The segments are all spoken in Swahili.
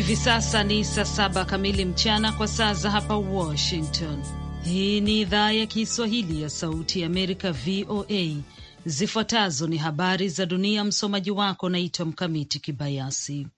Hivi sasa ni saa saba kamili mchana kwa saa za hapa Washington. Hii ni idhaa ya Kiswahili ya Sauti ya Amerika, VOA. Zifuatazo ni habari za dunia. Msomaji wako naitwa Mkamiti Kibayasi.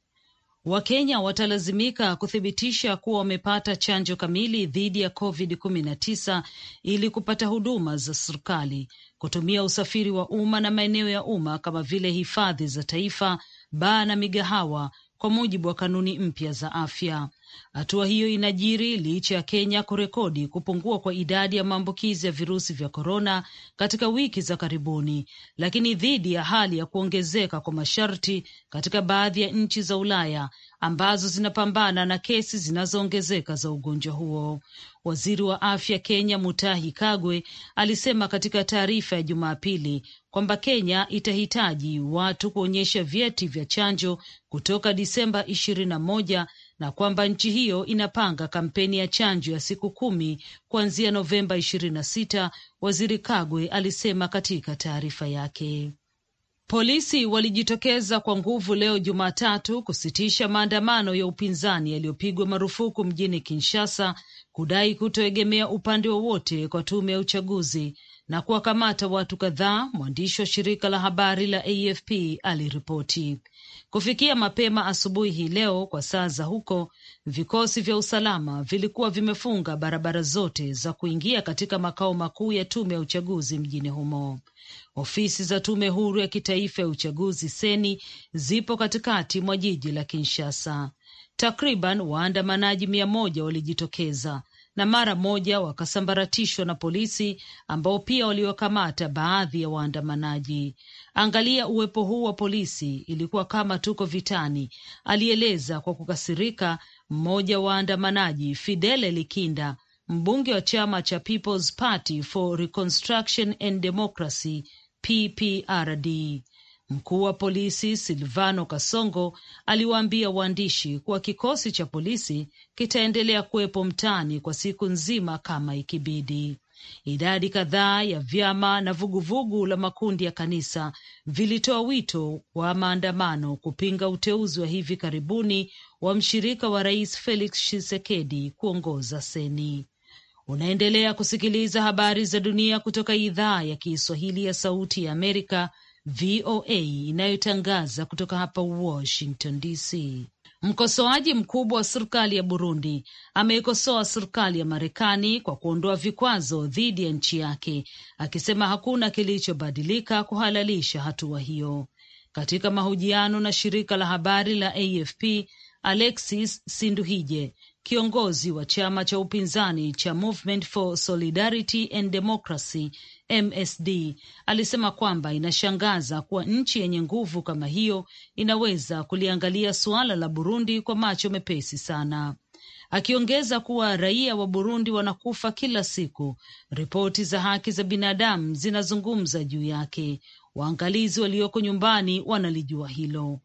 Wakenya watalazimika kuthibitisha kuwa wamepata chanjo kamili dhidi ya COVID-19 ili kupata huduma za serikali, kutumia usafiri wa umma na maeneo ya umma kama vile hifadhi za taifa, baa na migahawa kwa mujibu wa kanuni mpya za afya. Hatua hiyo inajiri licha ya Kenya kurekodi kupungua kwa idadi ya maambukizi ya virusi vya korona katika wiki za karibuni, lakini dhidi ya hali ya kuongezeka kwa masharti katika baadhi ya nchi za Ulaya ambazo zinapambana na kesi zinazoongezeka za ugonjwa huo. Waziri wa afya Kenya Mutahi Kagwe alisema katika taarifa ya Jumapili kwamba Kenya itahitaji watu kuonyesha vyeti vya chanjo kutoka Disemba ishirini na moja na kwamba nchi hiyo inapanga kampeni ya chanjo ya siku kumi kuanzia Novemba ishirini na sita. Waziri Kagwe alisema katika taarifa yake. Polisi walijitokeza kwa nguvu leo Jumatatu kusitisha maandamano ya upinzani yaliyopigwa marufuku mjini Kinshasa kudai kutoegemea upande wowote kwa tume ya uchaguzi na kuwakamata watu kadhaa, mwandishi wa shirika la habari la AFP aliripoti. Kufikia mapema asubuhi hii leo kwa saa za huko, vikosi vya usalama vilikuwa vimefunga barabara zote za kuingia katika makao makuu ya tume ya uchaguzi mjini humo. Ofisi za tume huru ya kitaifa ya uchaguzi seni zipo katikati mwa jiji la Kinshasa. Takriban waandamanaji mia moja walijitokeza na mara moja wakasambaratishwa na polisi ambao pia waliwakamata baadhi ya waandamanaji. Angalia uwepo huu wa polisi, ilikuwa kama tuko vitani, alieleza kwa kukasirika mmoja wa waandamanaji, Fidele Likinda, mbunge wa chama cha People's Party for Reconstruction and Democracy PPRD. Mkuu wa polisi Silvano Kasongo aliwaambia waandishi kuwa kikosi cha polisi kitaendelea kuwepo mtaani kwa siku nzima kama ikibidi. Idadi kadhaa ya vyama na vuguvugu la makundi ya kanisa vilitoa wito wa maandamano kupinga uteuzi wa hivi karibuni wa mshirika wa rais Felix Tshisekedi kuongoza Seni. Unaendelea kusikiliza habari za dunia kutoka idhaa ya Kiswahili ya Sauti ya Amerika VOA inayotangaza kutoka hapa Washington DC. Mkosoaji mkubwa wa serikali ya Burundi ameikosoa serikali ya Marekani kwa kuondoa vikwazo dhidi ya nchi yake, akisema hakuna kilichobadilika kuhalalisha hatua hiyo. Katika mahojiano na shirika la habari la AFP, Alexis Sinduhije, kiongozi wa chama cha upinzani cha Movement for Solidarity and Democracy MSD alisema kwamba inashangaza kuwa nchi yenye nguvu kama hiyo inaweza kuliangalia suala la Burundi kwa macho mepesi sana, akiongeza kuwa raia wa Burundi wanakufa kila siku. Ripoti za haki za binadamu zinazungumza juu yake, waangalizi walioko nyumbani wanalijua hilo.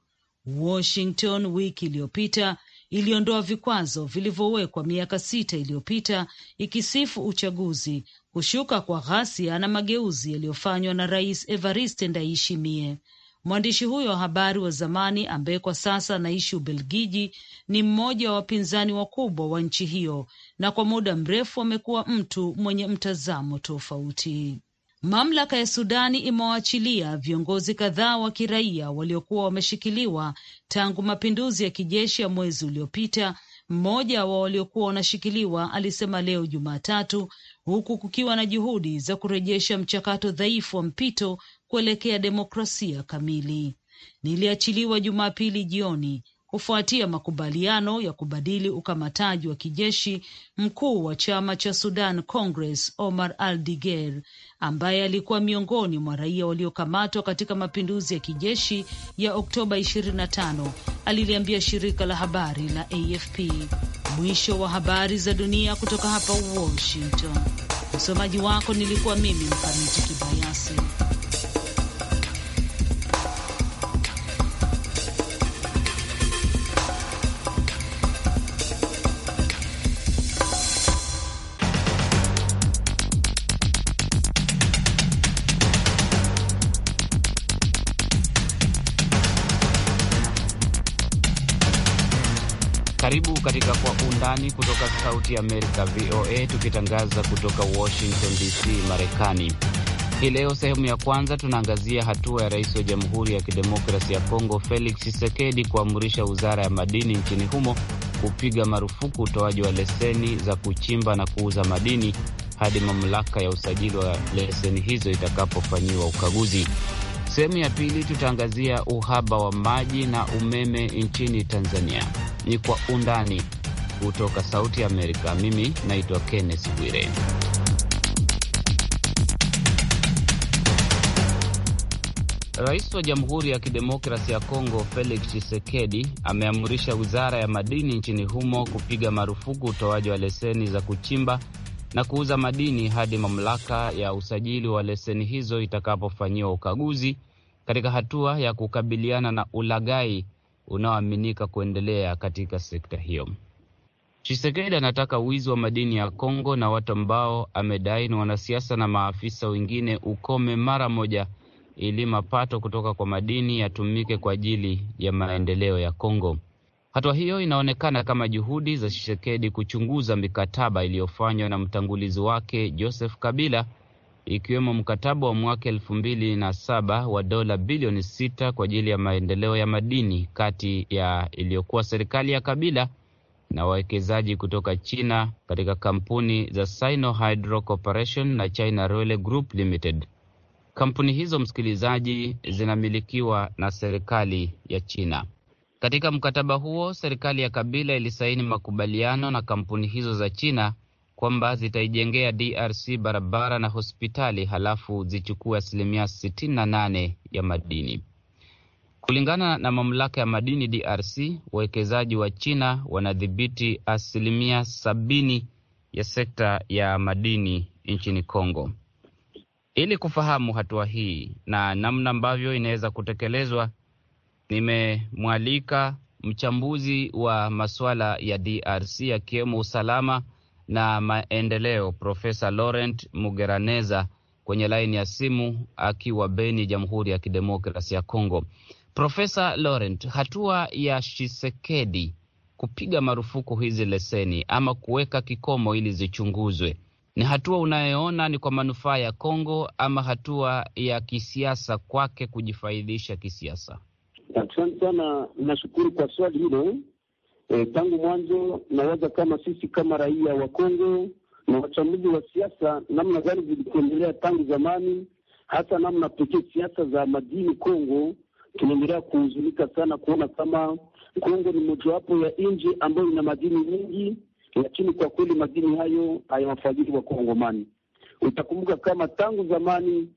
Washington wiki iliyopita iliondoa vikwazo vilivyowekwa miaka sita iliyopita ikisifu uchaguzi kushuka kwa ghasia na mageuzi yaliyofanywa na Rais Evariste Ndayishimiye. Mwandishi huyo wa habari wa zamani ambaye kwa sasa anaishi Ubelgiji ni mmoja wa wapinzani wakubwa wa nchi hiyo na kwa muda mrefu amekuwa mtu mwenye mtazamo tofauti. Mamlaka ya Sudani imewaachilia viongozi kadhaa wa kiraia waliokuwa wameshikiliwa tangu mapinduzi ya kijeshi ya mwezi uliopita. Mmoja wa waliokuwa wanashikiliwa alisema leo Jumatatu, huku kukiwa na juhudi za kurejesha mchakato dhaifu wa mpito kuelekea demokrasia kamili. Niliachiliwa Jumapili jioni kufuatia makubaliano ya kubadili ukamataji wa kijeshi mkuu wa chama cha Sudan Congress Omar Al Diger ambaye alikuwa miongoni mwa raia waliokamatwa katika mapinduzi ya kijeshi ya Oktoba 25 aliliambia shirika la habari la AFP. Mwisho wa habari za dunia kutoka hapa Washington. Msomaji wako nilikuwa mimi Mkamiti Kibayasi. katika Kwa Undani kutoka Sauti ya Amerika, VOA, tukitangaza kutoka Washington DC, Marekani. Hii leo, sehemu ya kwanza, tunaangazia hatua ya rais wa Jamhuri ya Kidemokrasi ya Kongo Felix Tshisekedi kuamrisha wizara ya madini nchini humo kupiga marufuku utoaji wa leseni za kuchimba na kuuza madini hadi mamlaka ya usajili wa leseni hizo itakapofanyiwa ukaguzi. Sehemu ya pili tutaangazia uhaba wa maji na umeme nchini Tanzania ni Kwa Undani kutoka Sauti Amerika. Mimi naitwa kennes Bwire. Rais wa Jamhuri ya Kidemokrasi ya Kongo Felix chisekedi ameamrisha wizara ya madini nchini humo kupiga marufuku utoaji wa leseni za kuchimba na kuuza madini hadi mamlaka ya usajili wa leseni hizo itakapofanyiwa ukaguzi katika hatua ya kukabiliana na ulagai unaoaminika kuendelea katika sekta hiyo. Chisekedi anataka wizi wa madini ya Kongo na watu ambao amedai ni wanasiasa na maafisa wengine ukome mara moja, ili mapato kutoka kwa madini yatumike kwa ajili ya maendeleo ya Kongo. Hatua hiyo inaonekana kama juhudi za Chisekedi kuchunguza mikataba iliyofanywa na mtangulizi wake Joseph Kabila ikiwemo mkataba wa mwaka elfu mbili na saba wa dola bilioni sita kwa ajili ya maendeleo ya madini kati ya iliyokuwa serikali ya Kabila na wawekezaji kutoka China katika kampuni za Sino Hydro Corporation na China Royal Group Limited. Kampuni hizo, msikilizaji, zinamilikiwa na serikali ya China. Katika mkataba huo, serikali ya Kabila ilisaini makubaliano na kampuni hizo za China kwamba zitaijengea DRC barabara na hospitali halafu zichukue asilimia 68 ya madini. Kulingana na mamlaka ya madini DRC, wawekezaji wa China wanadhibiti asilimia sabini ya sekta ya madini nchini Kongo. Ili kufahamu hatua hii na namna ambavyo inaweza kutekelezwa, nimemwalika mchambuzi wa masuala ya DRC akiwemo usalama na maendeleo Profesa Laurent Mugeraneza kwenye laini ya simu akiwa Beni, Jamhuri ya Kidemokrasi ya Kongo. Profesa Laurent, hatua ya Shisekedi kupiga marufuku hizi leseni ama kuweka kikomo ili zichunguzwe ni hatua unayoona ni kwa manufaa ya Kongo ama hatua ya kisiasa kwake kujifaidisha kisiasa? Asante sana, nashukuru kwa swali hilo. E, tangu mwanzo nawaza kama sisi kama raia wa Kongo na wachambuzi wa siasa namna gani zilikuendelea tangu zamani, hasa namna pekee siasa za madini Kongo, tunaendelea kuhuzunika sana kuona kama Kongo ni mojawapo ya nchi ambayo ina madini nyingi, lakini kwa kweli madini hayo hayawafaidi Wakongomani. Utakumbuka kama tangu zamani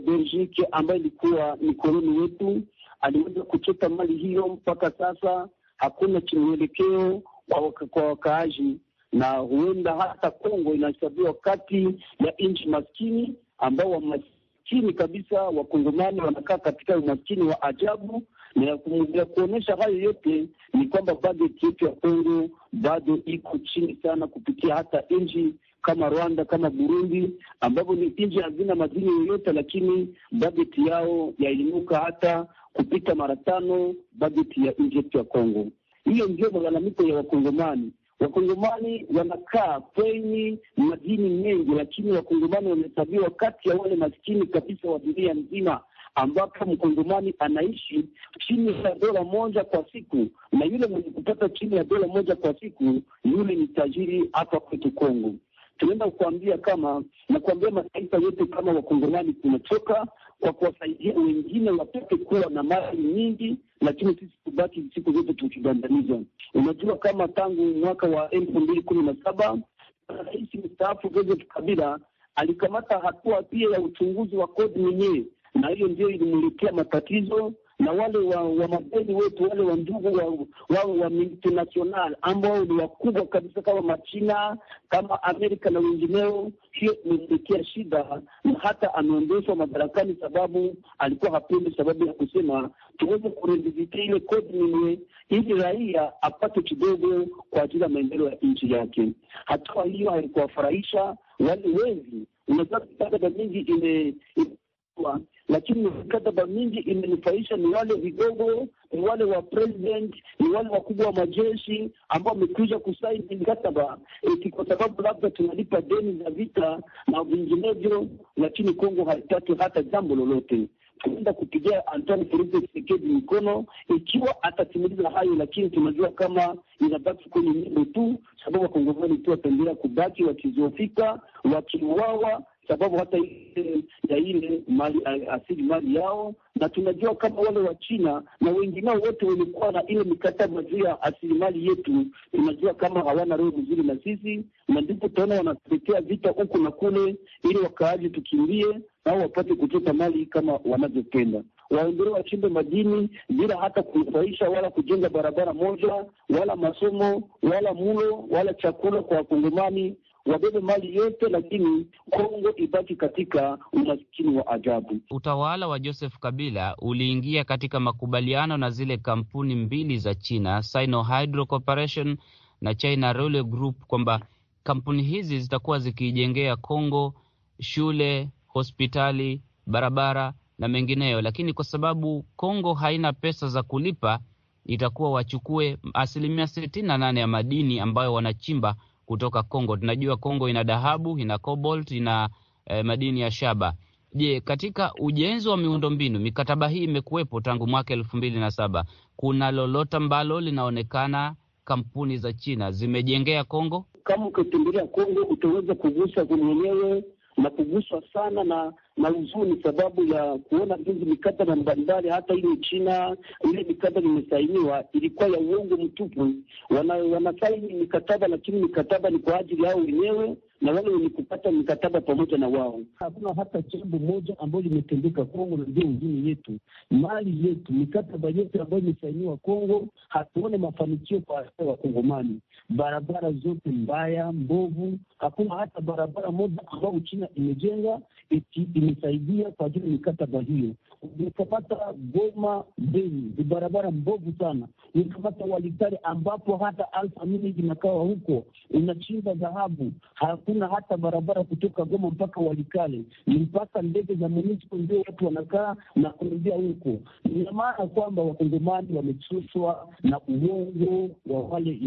Belgique ambayo ilikuwa ni koloni yetu aliweza kuchota mali hiyo mpaka sasa hakuna kimwelekeo kwa wakaaji, na huenda hata Kongo inahesabiwa kati ya nchi maskini, ambao wamaskini kabisa. Wakongomani wanakaa katika umaskini wa ajabu, na ya kuonyesha hayo yote ni kwamba bajeti yetu ya Kongo bado iko chini sana kupitia hata nchi kama Rwanda kama Burundi ambapo ni nchi hazina madini yoyote, lakini bajeti yao yainuka hata kupita mara tano bajeti ya nchi yetu ya Kongo. Hiyo ndio malalamiko ya Wakongomani. Wakongomani wanakaa kwenye madini mengi, lakini wakongomani wamehesabiwa kati ya wale maskini kabisa wa dunia nzima, ambapo mkongomani anaishi chini ya dola moja kwa siku, na yule mwenye kupata chini ya dola moja kwa siku yule ni tajiri hapa kwetu Kongo. Tunaenda kukuambia kama nakuambia mataifa yote kama wakongomani tumechoka, kwa kuwasaidia wengine watoke kuwa na mali nyingi, lakini sisi tubaki siku zote tukigandamizwa. Unajua kama tangu mwaka wa elfu mbili kumi na saba rais mstaafu Joseph Kabila alikamata hatua pia ya uchunguzi wa kodi mwenyewe, na hiyo ndio ilimwelekea matatizo na wale wa, wa mabeni wetu wale wa ndugu wa, wa multinational ambao ni wakubwa kabisa kama Machina kama Amerika na wengineo. Hiyo imemletea shida, na hata ameondoshwa madarakani sababu alikuwa hapendi, sababu ya kusema tuweze kurevizitia ile kodi yenyewe, ili raia apate kidogo kwa ajili ya maendeleo ya nchi yake. Hatua hiyo haikuwafurahisha wale wengi, unaweza kupata mingi ime lakini mikataba mingi imenufaisha ni wale vigogo, ni wale wa president, ni wale wakubwa wa majeshi ambao wamekuja kusaini mikataba eti kwa sababu labda tunalipa deni za vita na vinginevyo, lakini Kongo haitaki hata jambo lolote. Tunaenda kupigia Antoine Felix Tshisekedi mikono ikiwa atatimiliza hayo, lakini tunajua kama inabaki kwenye nyimbo tu, sababu wakongomani tu wataendelea kubaki wakizofika wakiuawa sababu hata ya ile mali asili mali yao, na tunajua kama wale wa China na wengineo wote walikuwa na ile mikataba juu ya asilimali yetu, tunajua kama hawana roho mzuri na sisi, na ndipo tunaona wanatetea vita huku na kule, ili wakaaji tukimbie au wapate kuchota mali kama wanavyopenda. Waendelee wachimbe madini bila hata kunufaisha wala kujenga barabara moja wala masomo wala mulo wala chakula kwa Wakongomani wabebe mali yote, lakini Kongo ibaki katika umaskini wa ajabu. Utawala wa Joseph Kabila uliingia katika makubaliano na zile kampuni mbili za China, Sino Hydro Corporation na China Rule Group, kwamba kampuni hizi zitakuwa zikiijengea Kongo shule, hospitali, barabara na mengineyo, lakini kwa sababu Kongo haina pesa za kulipa itakuwa wachukue asilimia sitini na nane ya madini ambayo wanachimba kutoka Kongo. Tunajua Kongo ina dhahabu, ina cobalt, ina eh, madini ya shaba. Je, katika ujenzi wa miundombinu mikataba hii imekuwepo tangu mwaka elfu mbili na saba. Kuna lolote ambalo linaonekana kampuni za China zimejengea Kongo? Kama ukitembelea Kongo utaweza kugusa kwenye enyewe na kuguswa sana na na sababu ya kuona hizi mikataba mbalimbali, hata ile China ile mikataba imesainiwa ilikuwa ya uongo mtupu. Wanasaini mikataba, lakini mikataba ni kwa ajili yao wenyewe na wale wenye kupata mikataba pamoja na wao. Hakuna hata jambo moja ambayo limetendeka Kongo na ndio ingine yetu, mali yetu, mikataba yetu ambayo imesainiwa Kongo, hatuone mafanikio kwa wa Wakongomani. Barabara zote mbaya mbovu, hakuna hata barabara moja ambayo china imejenga imesaidia kwa ajili ya mikataba hiyo. Nikamata Goma Beni, ni barabara mbovu sana. Nikamata Walikale ambapo hata alfa mingi inakawa huko, unachimba dhahabu hakuna hata barabara kutoka Goma mpaka Walikale, ni mpaka ndege za MONUSCO ndio watu wanakaa na kuingia huko. Ina maana kwamba wakongomani wamechoshwa na uongo wa wale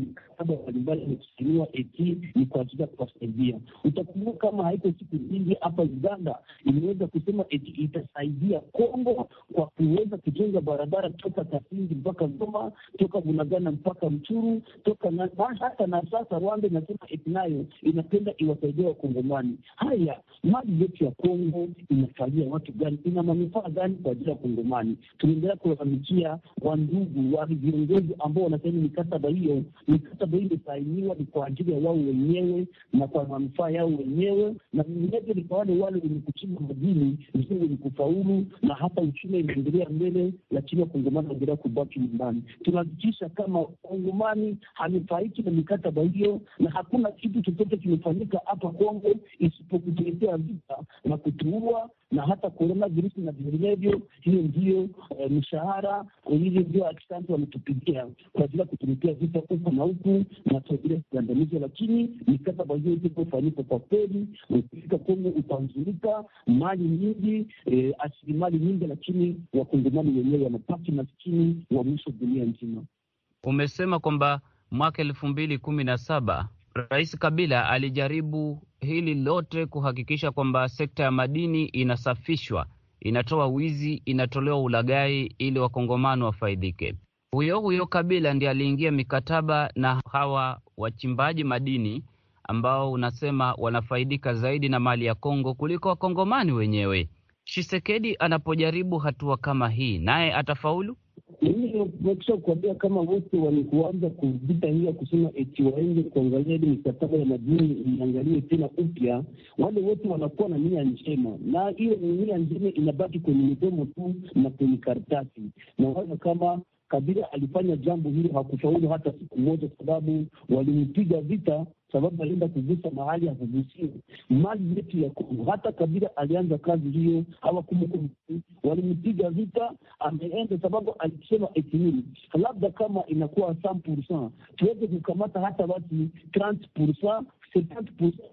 mkataba mbalimbali wamesainiwa, eti ni kwa ajili ya kuwasaidia. Utakumbuka kama haiko siku nyingi hapa Uganda imeweza kusema eti itasaidia Kongo kwa kuweza kujenga barabara toka Kasindi mpaka Goma, toka Bunagana mpaka Mchuru, toka na hata na sasa Rwanda inasema eti nayo ina napenda iwasaidia Wakongomani. Haya mali yetu ya Kongo inasalia watu gani? Ina manufaa gani kwa ajili ya Wakongomani? Tunaendelea kulalamikia wandugu wa viongozi ambao wanasema mikataba hiyo, mikataba hiyo imesainiwa ni kwa ajili ya wao wenyewe na kwa manufaa yao wenyewe, na vinginevyo ni kwa wale wale wenye kuchimba madini ndio wenye kufaulu, na hapa uchumi imeendelea mbele, lakini Wakongomani wanaendelea kubaki nyumbani. Tunahakikisha kama Wakongomani hanufaiki na mikataba hiyo, na hakuna kitu chochote kime imefanyika hapa Kongo, isipokutuletea vita na kutuua na hata korona virusi na vinginevyo. Hiyo ndiyo uh, eh, mshahara hivyo ndio asanti wametupigia kwa ajili ya kutuletea vita huku na huku na tuajilia kugandamizwa, lakini mikataba hiyo ilipofanyika kwa kweli ukifika Kongo utanzulika mali nyingi eh, asilimali nyingi, lakini wakongomani wenyewe wanapaki maskini wa mwisho dunia nzima. Umesema kwamba mwaka elfu mbili kumi na saba Rais Kabila alijaribu hili lote kuhakikisha kwamba sekta ya madini inasafishwa, inatoa wizi, inatolewa ulagai ili wakongomano wafaidike. Huyo huyo Kabila ndiye aliingia mikataba na hawa wachimbaji madini ambao unasema wanafaidika zaidi na mali ya Kongo kuliko wakongomani wenyewe. Shisekedi anapojaribu hatua kama hii, naye atafaulu? Nimekuja kuambia kama wote walikuanza kuvita hiyo kusema eti waende kuangalia ili mikataba ya madini iangaliwe tena upya, wale wote wanakuwa na nia njema, na hiyo nia njema inabaki kwenye midomo tu na kwenye karatasi, na waza kama Kabila alifanya jambo hilo, hakufaulu hata siku moja, sababu walimpiga vita, sababu alienda kugusa mahali hakugusiwa mali yetu ya Kongo. Hata Kabila alianza kazi hiyo, hawakumuku walimpiga vita, ameenda sababu alisema etini, labda kama inakuwa 100% tuweze kukamata hata watu 30%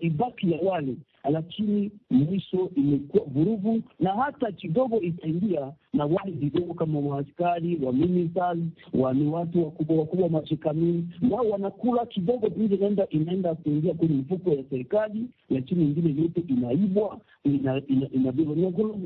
ibaki ya wale lakini mwisho imekuwa vurugu, na hata kidogo itaingia na wale vidogo kama waaskari wa wa wani watu wakubwa wakubwa mashikamini, nao wanakula kidogo vile inaenda inaenda kuingia kwenye mfuko ya serikali, lakini ingine yote inaibwa ina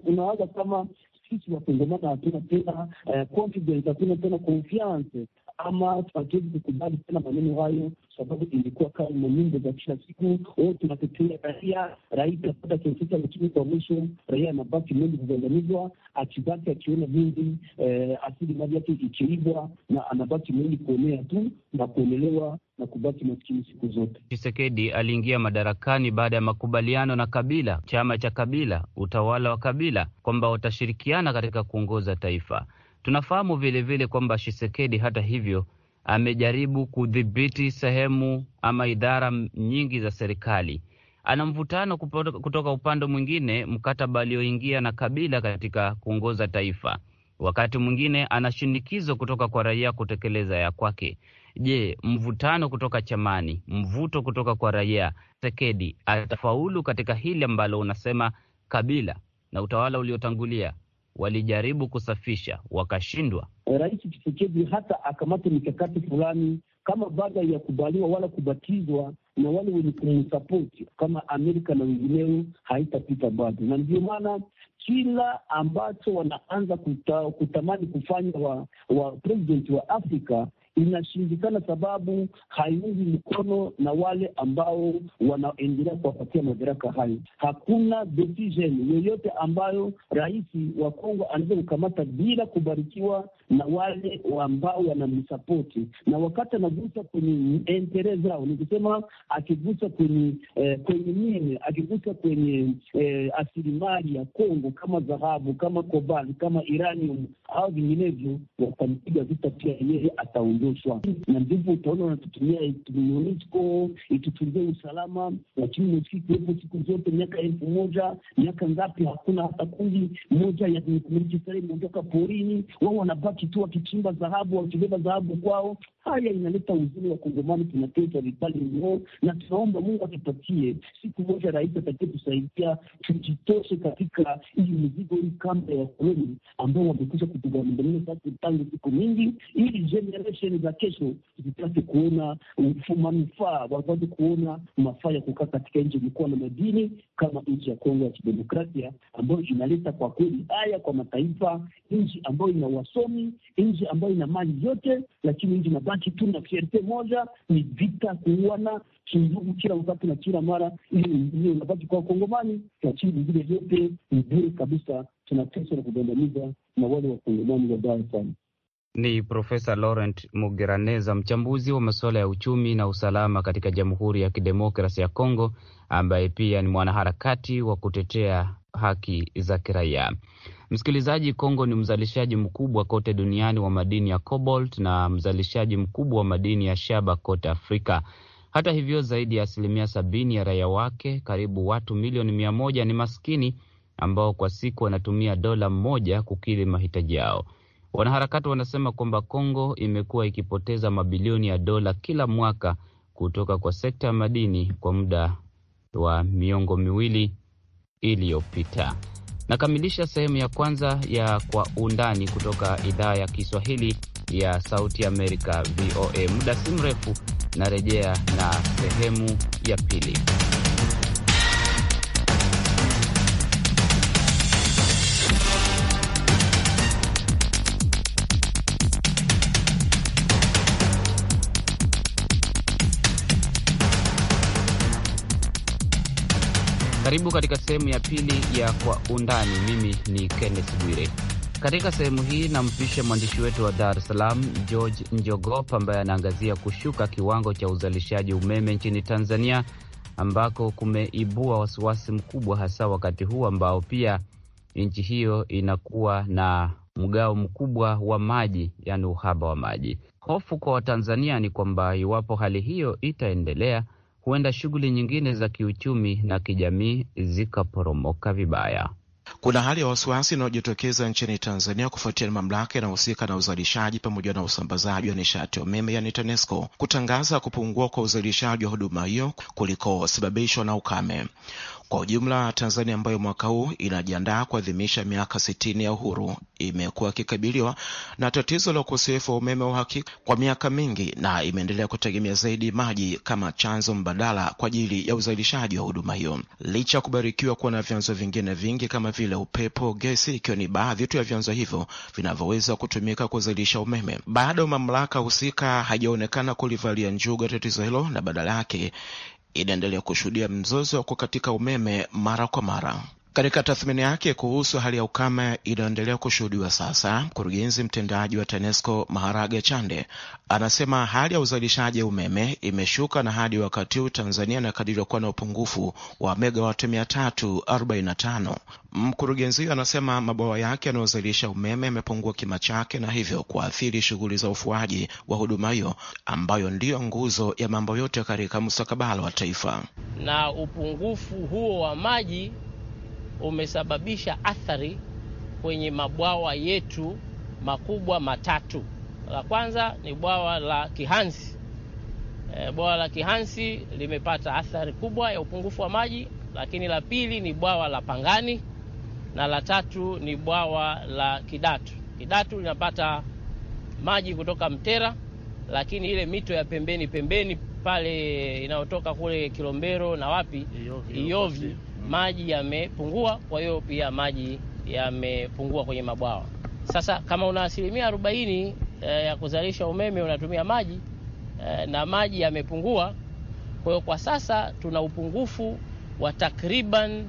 Unawaza kama sisi wakongomana hatuna tena eh, confidence, hatuna tena confiance ama hatuwezi kukubali tena maneno hayo, sababu ilikuwa kama nyimbo za kila siku. Wao tunatetea raia, raia inapata kiasisa, lakini kwa mwisho raia anabaki mengi kugandamizwa, akibaki akiona vingi eh, asili mali yake ikiibwa, na anabaki mengi kuonea tu na kuonelewa na kubaki maskini siku zote. Chisekedi aliingia madarakani baada ya makubaliano na Kabila, chama cha Kabila, utawala wa Kabila, kwamba watashirikiana katika kuongoza taifa. Tunafahamu vilevile kwamba Shisekedi hata hivyo amejaribu kudhibiti sehemu ama idara nyingi za serikali. Ana mvutano kutoka upande mwingine, mkataba alioingia na Kabila katika kuongoza taifa. Wakati mwingine ana shinikizo kutoka kwa raia kutekeleza ya kwake. Je, mvutano kutoka chamani, mvuto kutoka kwa raia, Sekedi atafaulu katika hili ambalo unasema Kabila na utawala uliotangulia walijaribu kusafisha wakashindwa. Rais Tshisekedi hata akamata mikakati fulani kama baada ya kubaliwa wala kubatizwa na wale wenye kumsapoti kama Amerika na wengineo, haitapita bado, na ndio maana kila ambacho wanaanza kuta, kutamani kufanya wa, wa president wa Afrika inashindikana, sababu haiungi mkono na wale ambao wanaendelea kuwapatia madaraka hayo. Hakuna decision yoyote ambayo rais wa Kongo anaweza kukamata bila kubarikiwa na wale ambao wanamsapoti, na wakati anagusa kwenye entere zao, nikisema akigusa kwenye eh, kwenye akigusa kwenye eh, asilimali ya Kongo kama dhahabu, kama kobali, kama iranium au vinginevyo, watampiga vita, pia yeye ataondoka kuondoshwa, na ndivyo utaona wanatutumia UNESCO itutulie usalama, lakini moski kuwepo siku zote, miaka elfu moja miaka ngapi, hakuna hata kundi moja ya Israeli imeondoka porini. Wao wanabaki tu wakichimba dhahabu, wakibeba dhahabu kwao Haya inaleta uzuri wa Kongomani, tunateswa vikali mno, na tunaomba Mungu atupatie siku moja rais atakayetusaidia tujitoshe katika hii mizigo hii kamba ya wakoloni ambao wamekuja kutugamilia sasa tangu siku mingi, ili generation za kesho zipate kuona manufaa, wapate kuona mafaa ya kukaa katika nchi ilikuwa na madini kama nchi ya Kongo ya kidemokrasia ambayo inaleta kwa kweli haya kwa mataifa, nchi ambayo ina wasomi, nchi ambayo ina mali yote, lakini nchi na kubaki tu na fierte moja, ni vita kuuana kila wakati na kila mara. ili ndio nabaki kwa Wakongomani, lakini vingine vyote ni bure kabisa, tunateswa na kugandamiza na wale Wakongomani wabaya sana. Ni Profesa Laurent Mugiraneza, mchambuzi wa masuala ya uchumi na usalama katika Jamhuri ya Kidemokrasi ya Kongo, ambaye pia ni mwanaharakati wa kutetea haki za kiraia. Msikilizaji, Kongo ni mzalishaji mkubwa kote duniani wa madini ya cobalt na mzalishaji mkubwa wa madini ya shaba kote Afrika. Hata hivyo, zaidi ya asilimia sabini ya raia wake, karibu watu milioni mia moja, ni maskini ambao kwa siku wanatumia dola moja kukidhi mahitaji yao. Wanaharakati wanasema kwamba Kongo imekuwa ikipoteza mabilioni ya dola kila mwaka kutoka kwa sekta ya madini kwa muda wa miongo miwili iliyopita. Nakamilisha sehemu ya kwanza ya Kwa Undani kutoka idhaa ya Kiswahili ya Sauti Amerika, VOA. Muda si mrefu narejea na sehemu ya pili. Karibu katika sehemu ya pili ya Kwa Undani. Mimi ni Kenneth Bwire. Katika sehemu hii nampisha mwandishi wetu wa Dar es Salaam, George Njogop, ambaye anaangazia kushuka kiwango cha uzalishaji umeme nchini Tanzania, ambako kumeibua wasiwasi mkubwa, hasa wakati huu ambao pia nchi hiyo inakuwa na mgao mkubwa wa maji, yaani uhaba wa maji. Hofu kwa Watanzania ni kwamba iwapo hali hiyo itaendelea huenda shughuli nyingine za kiuchumi na kijamii zikaporomoka vibaya. Kuna hali ya wasiwasi inayojitokeza nchini Tanzania kufuatia mamlaka yanayohusika na uzalishaji pamoja na usambazaji wa nishati ya umeme yani TANESCO kutangaza kupungua kwa uzalishaji wa huduma hiyo kulikosababishwa na ukame. Kwa ujumla, Tanzania ambayo mwaka huu inajiandaa kuadhimisha miaka sitini ya uhuru imekuwa ikikabiliwa na tatizo la ukosefu wa umeme wa uhakika kwa miaka mingi, na imeendelea kutegemea zaidi maji kama chanzo mbadala kwa ajili ya uzalishaji wa huduma hiyo, licha ya kubarikiwa kuwa na vyanzo vingine vingi kama vile upepo, gesi, ikiwa ni baadhi tu ya vyanzo hivyo vinavyoweza kutumika kuzalisha umeme. Bado mamlaka husika hajaonekana kulivalia njuga tatizo hilo, na badala yake inaendelea kushuhudia mzozo wa kukatika umeme mara kwa mara. Katika tathmini yake kuhusu hali ya ukame inayoendelea kushuhudiwa sasa, mkurugenzi mtendaji wa TANESCO Maharage Chande anasema hali ya uzalishaji umeme imeshuka na hadi wakati huu Tanzania inakadiriwa kuwa na upungufu wa megawati 345. Mkurugenzi huyo anasema mabwawa yake yanayozalisha umeme yamepungua kima chake na hivyo kuathiri shughuli za ufuaji wa huduma hiyo ambayo ndiyo nguzo ya mambo yote katika mustakabali wa taifa, na upungufu huo wa maji umesababisha athari kwenye mabwawa yetu makubwa matatu. La kwanza ni bwawa la Kihansi. E, bwawa la Kihansi limepata athari kubwa ya upungufu wa maji, lakini la pili ni bwawa la Pangani na la tatu ni bwawa la Kidatu. Kidatu linapata maji kutoka Mtera, lakini ile mito ya pembeni pembeni pale inayotoka kule Kilombero na wapi Iyovi, mm. maji yamepungua, kwa hiyo pia maji yamepungua kwenye mabwawa. Sasa kama una asilimia arobaini eh, ya kuzalisha umeme unatumia maji eh, na maji yamepungua, kwa hiyo kwa sasa tuna upungufu wa takriban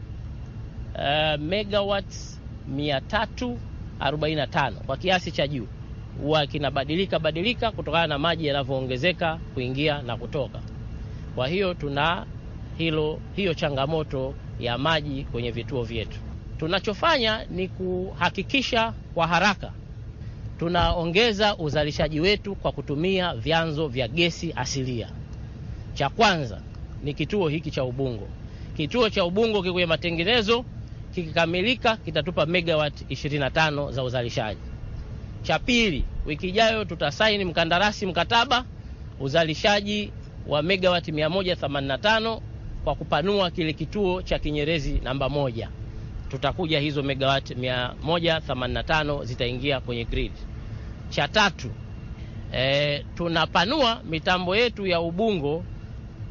eh, megawatts 345 kwa kiasi cha juu huwa kinabadilika badilika kutokana na maji yanavyoongezeka kuingia na kutoka. Kwa hiyo tuna hilo, hiyo changamoto ya maji kwenye vituo vyetu. Tunachofanya ni kuhakikisha kwa haraka tunaongeza uzalishaji wetu kwa kutumia vyanzo vya gesi asilia. Cha kwanza ni kituo hiki cha Ubungo. Kituo cha Ubungo kikwenye matengenezo, kikikamilika kitatupa megawati 25 za uzalishaji. Cha pili, wiki ijayo tutasaini mkandarasi mkataba uzalishaji wa megawati 185 kwa kupanua kile kituo cha Kinyerezi namba moja. Tutakuja hizo megawati 185 zitaingia kwenye grid. Cha tatu, e, tunapanua mitambo yetu ya Ubungo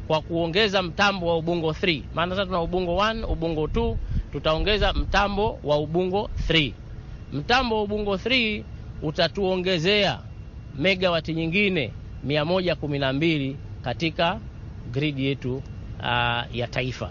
kwa kuongeza mtambo wa Ubungo 3. Maana sasa tuna Ubungo 1, Ubungo 2, tutaongeza mtambo wa Ubungo 3. Mtambo wa Ubungo 3 utatuongezea megawati nyingine 112 katika gridi yetu uh, ya taifa.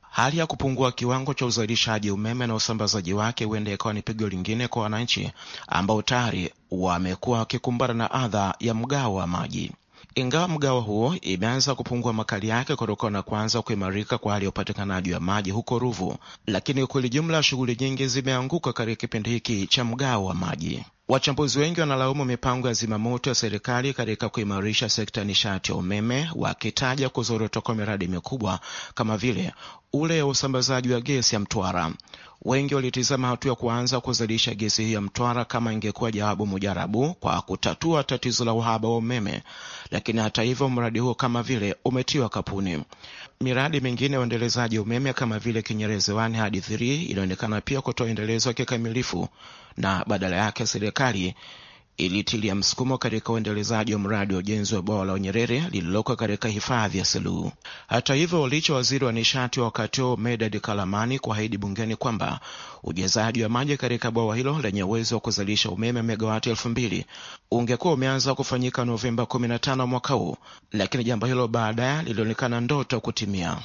Hali ya kupungua kiwango cha uzalishaji umeme na usambazaji wake huenda ikawa ni pigo lingine kwa wananchi ambao tayari wamekuwa wakikumbana na adha ya mgao wa maji. Ingawa mgao huo imeanza kupungua makali yake kutokana na kwanza kuimarika kwa hali ya upatikanaji wa maji huko Ruvu, lakini kweli jumla shughuli nyingi zimeanguka katika kipindi hiki cha mgao wa maji. Wachambuzi wengi wanalaumu mipango ya zimamoto ya serikali katika kuimarisha sekta ya nishati ya umeme, wakitaja kuzorota kwa miradi mikubwa kama vile ule ya usambazaji wa gesi ya Mtwara. Wengi walitizama hatua ya kuanza kuzalisha gesi hiyo ya Mtwara kama ingekuwa jawabu mujarabu kwa kutatua tatizo la uhaba wa umeme, lakini hata hivyo, mradi huo kama vile umetiwa kapuni. Miradi mingine ya uendelezaji umeme kama vile Kinyerezi hadi 3 inaonekana pia kutoa uendelezo wa kikamilifu, na badala yake serikali ilitilia msukumo katika uendelezaji wa mradi wa ujenzi wa bwawa la nyerere lililoko katika hifadhi ya Selous. Hata hivyo, licha waziri wa nishati wa wakati huo Medad Kalamani kuahidi bungeni kwamba ujezaji wa maji katika bwawa hilo lenye uwezo wa kuzalisha umeme megawati elfu mbili ungekuwa umeanza kufanyika Novemba 15 mwaka huu, lakini jambo hilo baadaye lilionekana ndoto kutimia.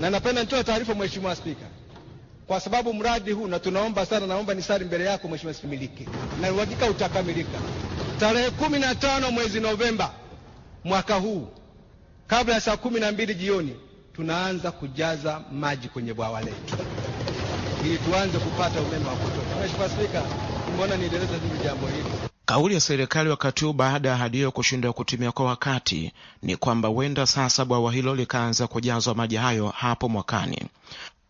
Na napenda nitoe taarifa, Mheshimiwa Spika, kwa sababu mradi huu na tunaomba sana, naomba nisali mbele yako Mheshimiwa Similiki, na uhakika utakamilika tarehe kumi na tano mwezi Novemba mwaka huu, kabla ya saa kumi na mbili jioni tunaanza kujaza maji kwenye bwawa letu ili tuanze kupata umeme wa kutosha. Mheshimiwa Spika, mbona niendeleza hili jambo hili? Kauli ya serikali wakati huu baada ya ahadi hiyo kushindwa kutimia kwa wakati ni kwamba huenda sasa bwawa hilo likaanza kujazwa maji hayo hapo mwakani.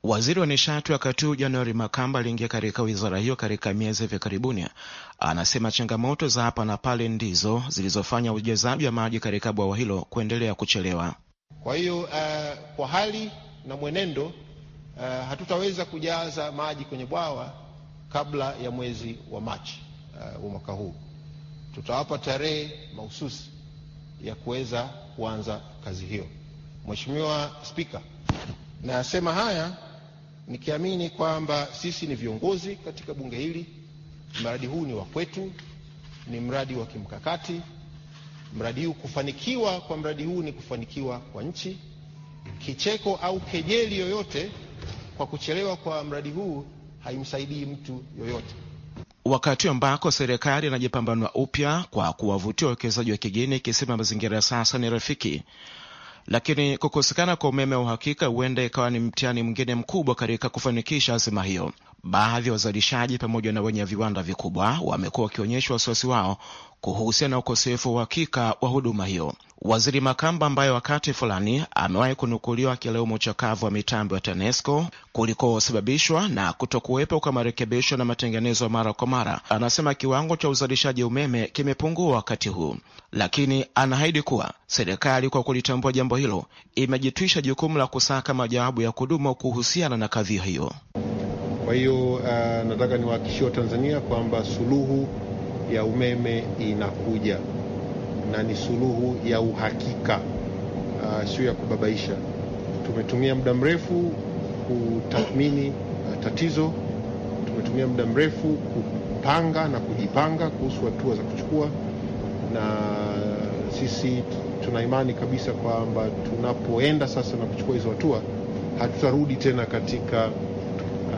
Waziri wa nishati wakati huu Januari Makamba aliingia katika wizara hiyo katika miezi hivi karibuni, anasema changamoto za hapa na pale ndizo zilizofanya ujazaji wa maji katika bwawa hilo kuendelea kuchelewa. Kwa hiyo uh, kwa hali na mwenendo uh, hatutaweza kujaza maji kwenye bwawa kabla ya mwezi wa Machi uh, mwaka huu. Tutawapa tarehe mahususi ya kuweza kuanza kazi hiyo. Mheshimiwa Spika, nasema haya nikiamini kwamba sisi ni viongozi katika bunge hili. Mradi huu ni wa kwetu, ni mradi wa kimkakati. Mradi huu kufanikiwa kwa mradi huu ni kufanikiwa kwa nchi. Kicheko au kejeli yoyote kwa kuchelewa kwa mradi huu haimsaidii mtu yoyote. Wakati ambako serikali inajipambanua upya kwa kuwavutia wawekezaji wa kigeni ikisema mazingira ya sasa ni rafiki lakini kukosekana kwa umeme wa uhakika huenda ikawa ni mtihani mwingine mkubwa katika kufanikisha azima hiyo. Baadhi ya wazalishaji pamoja na wenye viwanda vikubwa wamekuwa wakionyesha wasiwasi wao kuhusiana na ukosefu wa uhakika wa huduma hiyo. Waziri Makamba, ambaye wakati fulani amewahi kunukuliwa akilaumu uchakavu wa mitambo ya TANESCO kulikosababishwa na kutokuwepo kwa marekebisho na matengenezo mara kwa mara, anasema kiwango cha uzalishaji umeme kimepungua wakati huu, lakini anaahidi kuwa serikali kwa kulitambua jambo hilo imejitwisha jukumu la kusaka majawabu ya kudumu kuhusiana na kadhia hiyo. Kwa hiyo uh, nataka niwahakikishie Watanzania kwamba suluhu ya umeme inakuja na ni suluhu ya uhakika, uh, sio ya kubabaisha. Tumetumia muda mrefu kutathmini uh, tatizo. Tumetumia muda mrefu kupanga na kujipanga kuhusu hatua za kuchukua, na sisi tuna imani kabisa kwamba tunapoenda sasa na kuchukua hizo hatua hatutarudi tena katika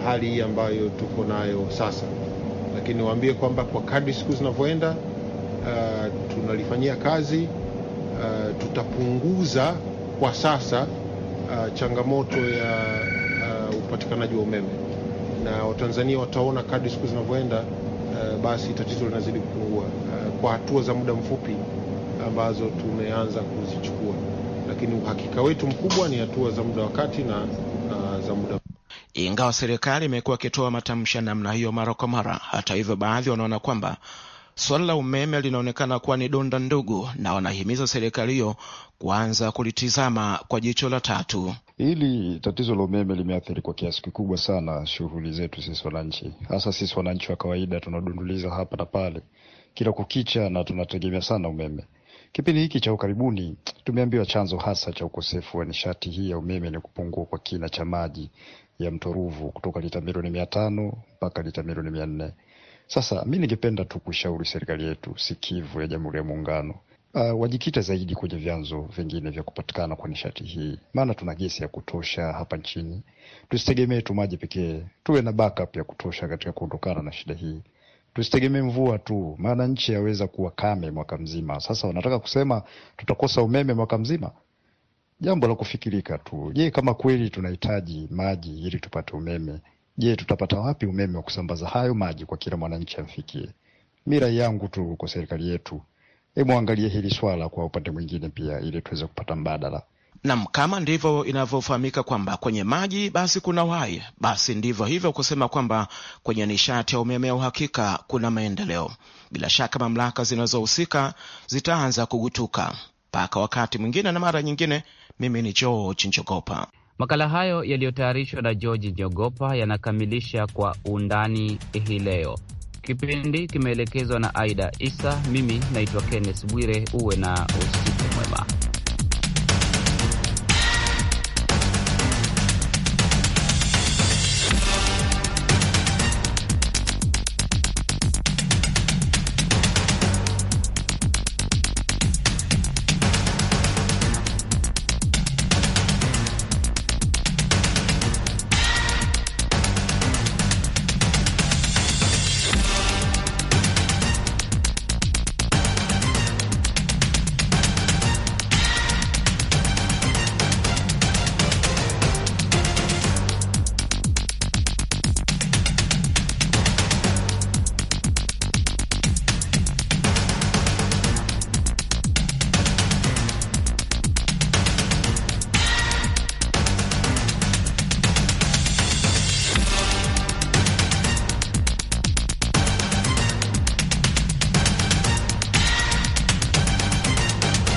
hali hii ambayo tuko nayo sasa, lakini waambie kwamba kwa kadri siku zinavyoenda uh, tunalifanyia kazi uh, tutapunguza kwa sasa uh, changamoto ya uh, upatikanaji wa umeme na Watanzania wataona kadri siku zinavyoenda, uh, basi tatizo linazidi kupungua uh, kwa hatua za muda mfupi ambazo tumeanza kuzichukua, lakini uhakika wetu mkubwa ni hatua za muda wa kati na uh, za muda ingawa serikali imekuwa ikitoa matamshi ya namna hiyo mara kwa mara. Hata hivyo, baadhi wanaona kwamba Suala la umeme linaonekana kuwa ni donda ndugu, na wanahimiza serikali hiyo kuanza kulitizama kwa jicho la tatu. Hili tatizo la umeme limeathiri kwa kiasi kikubwa sana shughuli zetu sisi wananchi, hasa sisi wananchi wa kawaida tunadunduliza hapa na pale kila kukicha, na tunategemea sana umeme. Kipindi hiki cha ukaribuni tumeambiwa chanzo hasa cha ukosefu wa nishati hii ya umeme ni kupungua kwa kina cha maji ya mto Ruvu kutoka lita milioni mia tano mpaka lita milioni mia nne sasa mi ningependa tu kushauri serikali yetu sikivu ya Jamhuri ya Muungano uh, wajikite zaidi kwenye vyanzo vingine vya kupatikana kwa nishati hii, maana tuna gesi ya kutosha hapa nchini. Tusitegemee tu maji pekee, tuwe na backup ya kutosha katika kuondokana na shida hii. Tusitegemee mvua tu, maana nchi yaweza kuwa kame mwaka mzima. Sasa wanataka kusema tutakosa umeme mwaka mzima, jambo la kufikirika tu. Je, kama kweli tunahitaji maji ili tupate umeme, Je, tutapata wapi umeme wa kusambaza hayo maji kwa kila mwananchi amfikie? Mira yangu tu kwa serikali yetu, hebu angalie hili swala kwa upande mwingine pia, ili tuweze kupata mbadala. Nam, kama ndivyo inavyofahamika kwamba kwenye maji basi kuna uhai, basi ndivyo hivyo kusema kwamba kwenye nishati ya umeme ya uhakika kuna maendeleo. Bila shaka mamlaka zinazohusika zitaanza kugutuka mpaka wakati mwingine na mara nyingine. Mimi ni George Njogopa. Makala hayo yaliyotayarishwa na George Njogopa yanakamilisha kwa undani hii leo. Kipindi kimeelekezwa na Aida Isa. Mimi naitwa Kenneth Bwire. Uwe na usiku mwema.